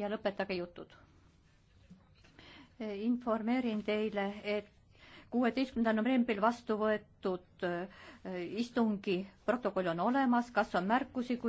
ja lõpetage jutud. informeerin teile, et kuueteistkümnendal novembril vastu võetud äh, istungi protokoll on olemas, kas on märkusi, kui